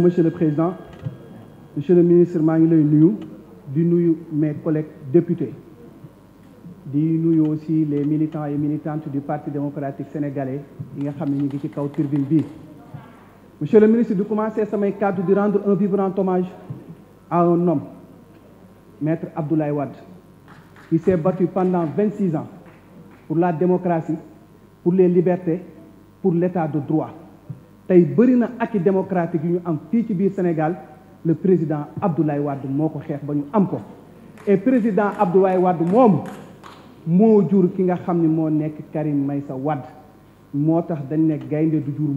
Monsieur le Président. Monsieur le ministre je Liu, du mes collègues députés di nous aussi les militants et militantes du Parti démocratique sénégalais et nga famille qui a Monsieur le ministre je commencer samay cadre de rendre un vibrant hommage à un homme maître Abdoulaye Wade qui s'est battu pendant 26 ans pour la démocratie pour les libertés pour l'état de droit tey bëri na acquis démocratique yu ñu am fii ci biir Sénégal le président Abdoulaye Wade moo ko xeex ba am ko et président Abdoulaye Wade moom moo jur ki nga xam ne moo nekk Karim Meïssa Wade moo tax dañ ne gaynde du jur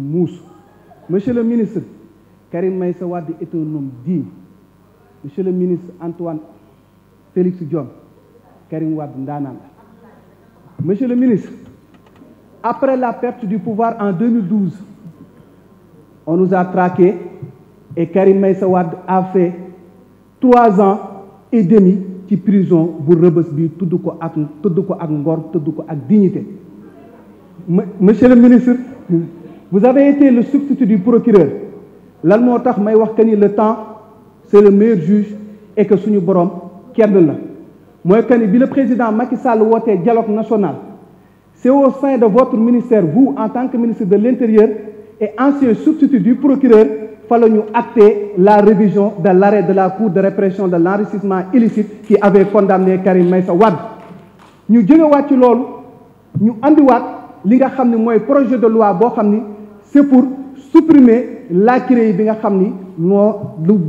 monsieur le ministre Karim Meïssa Wade est un homme digne monsieur le ministre Antoine Félix Dion, Karim Wade ndaanaan monsieur le ministre après la perte du pouvoir en 2012 on nous a traqués et Karim Maïsawad a fait trois ans et demi de prison pour rëbës tout le ko tout le ko ak ngor monde dignité monsieur le ministre vous avez été le substitut du procureur lan moo Kani, le temps c'est le meilleur juge et que suñu borom kenn Moi, je que le président Macky Sall le dialogue national c'est au sein de votre ministère vous en tant que ministre de l'intérieur et ancien substitut du procureur, fallait nous acter la révision de l'arrêt de la Cour de répression de l'enrichissement illicite qui avait condamné Karim Maïssa Wade. Nous avons dit que nous avons li nga projet de loi est c'est pour supprimer la de bi nga xam ni moo nous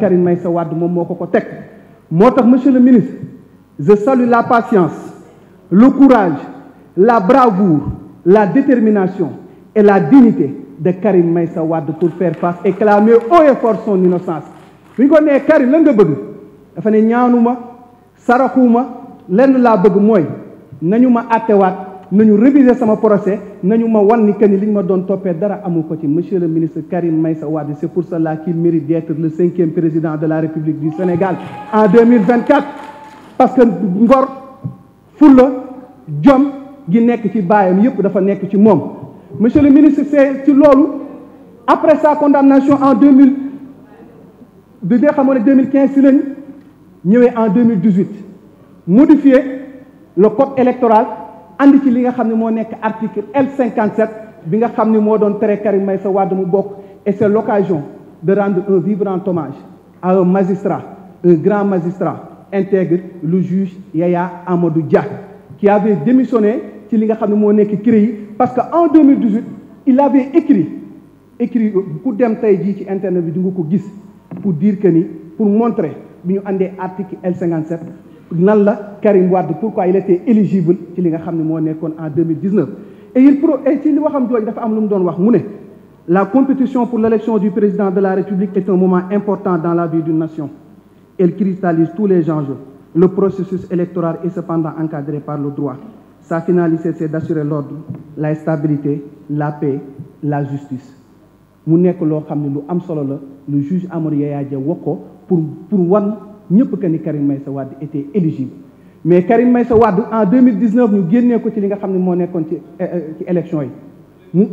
Karim monsieur le ministre je salue la patience le courage la bravoure la détermination et la dignité de Karim Maïssa Wade pour faire face et clamer haut et fort son innocence bi ñu Karim lan que bëgg dafa ne ñaanuma saraxuma lenn laa bëgg mooy nañu ma àttewaat nañu réviser sama procès nañu ma wan que ni li ñu ma dara à ci monsieur le ministre Karim Maïssa Wade c'est pour cela qu'il mérite d'être le cinquième président de la République du Sénégal en 2024 parce que ngor fulla jom gi nekk ci baayam yépp dafa nekk ci moom monsieur le ministre c'est lolu après sa condamnation en 2015 nous est en 2018 Modifié le code électoral en li nga article L57 bi nga et c'est l'occasion de rendre un vibrant hommage à un magistrat un grand magistrat intègre le juge Yaya Amadou Dia qui avait démissionné ci li nga parce qu'en 2018 il avait écrit écrit euh, ku dem ci internet bi pour dire que ni pour montrer bi ñu article L57 nan la Karim Wade pourquoi il était éligible ci li nga xamni en 2019 et il pro et ci li waxam joj dafa am lu doon wax la compétition pour l'élection du président de la République est un moment important dans la vie d'une nation elle cristallise tous les enjeux le processus électoral est cependant encadré par le droit sa finalité, c'est d'assurer l'ordre, la stabilité, la paix, la justice. Nous nekk loo xam ne lu am solo le juge Amadou Yaya Dia wax pour pour wan ñëpp que ni Karim Meïssa Wade était éligible mais Karim Meïssa Wade en 2019 nous génnee ko ci li nga xam ne moo l'élection. ci euh, euh, ci élection yi mu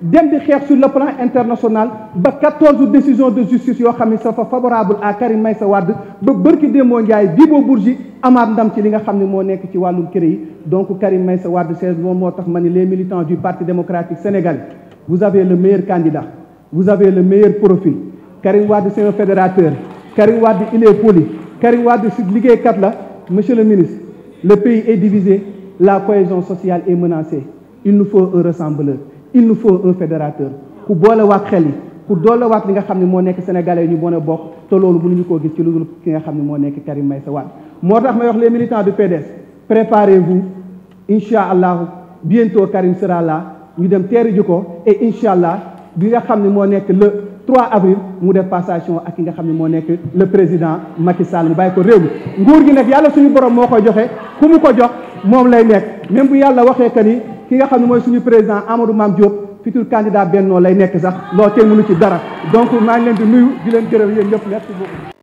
dem di sur le plan international 14 décisions de justice yoo favorables favorable à Karim Maïsawad, Wade ba bërki Bibo Bourgi amaat ndam ci li nga xam donc Karim Maïsawad, Wade c'est moom les militants du parti démocratique sénégalais vous avez le meilleur candidat vous avez le meilleur profil Karim Wade c'est un fédérateur Karim Wade il est poli Karim Wade si kat la monsieur le ministre le pays est divisé la cohésion sociale est menacée il nous faut un rassembleur il nous faut un fédérateur ku boolewaat xel yi ku doolewaat li nga xam ne moo nekk sénégalais ñu mën a bokk te loolu mënuñu koo gis ci lu dul ki nga xam ne moo nekk Karim Meïssa Wade moo tax may wax les militants du PDS préparez-vous incha allah bientôt Karim sera là ñu dem teeri ji ko et incha allah bi nga xam ne moo nekk le 3 avril mu def passation ak ki nga xam ne moo nekk le président Macky Sall mu bàyyi ko réew mi nguur gi nag yàlla suñu borom moo koy joxe ku mu ko jox moom lay nekk même bu yàlla waxee que ni ki nga xam ne mooy suñu président Amadou Mame Diop futur candidat Benno lay nekk sax loo tey mënu ci dara donc maa ngi leen di nuyu di leen gërëm yéen ñëpp merci beaucoup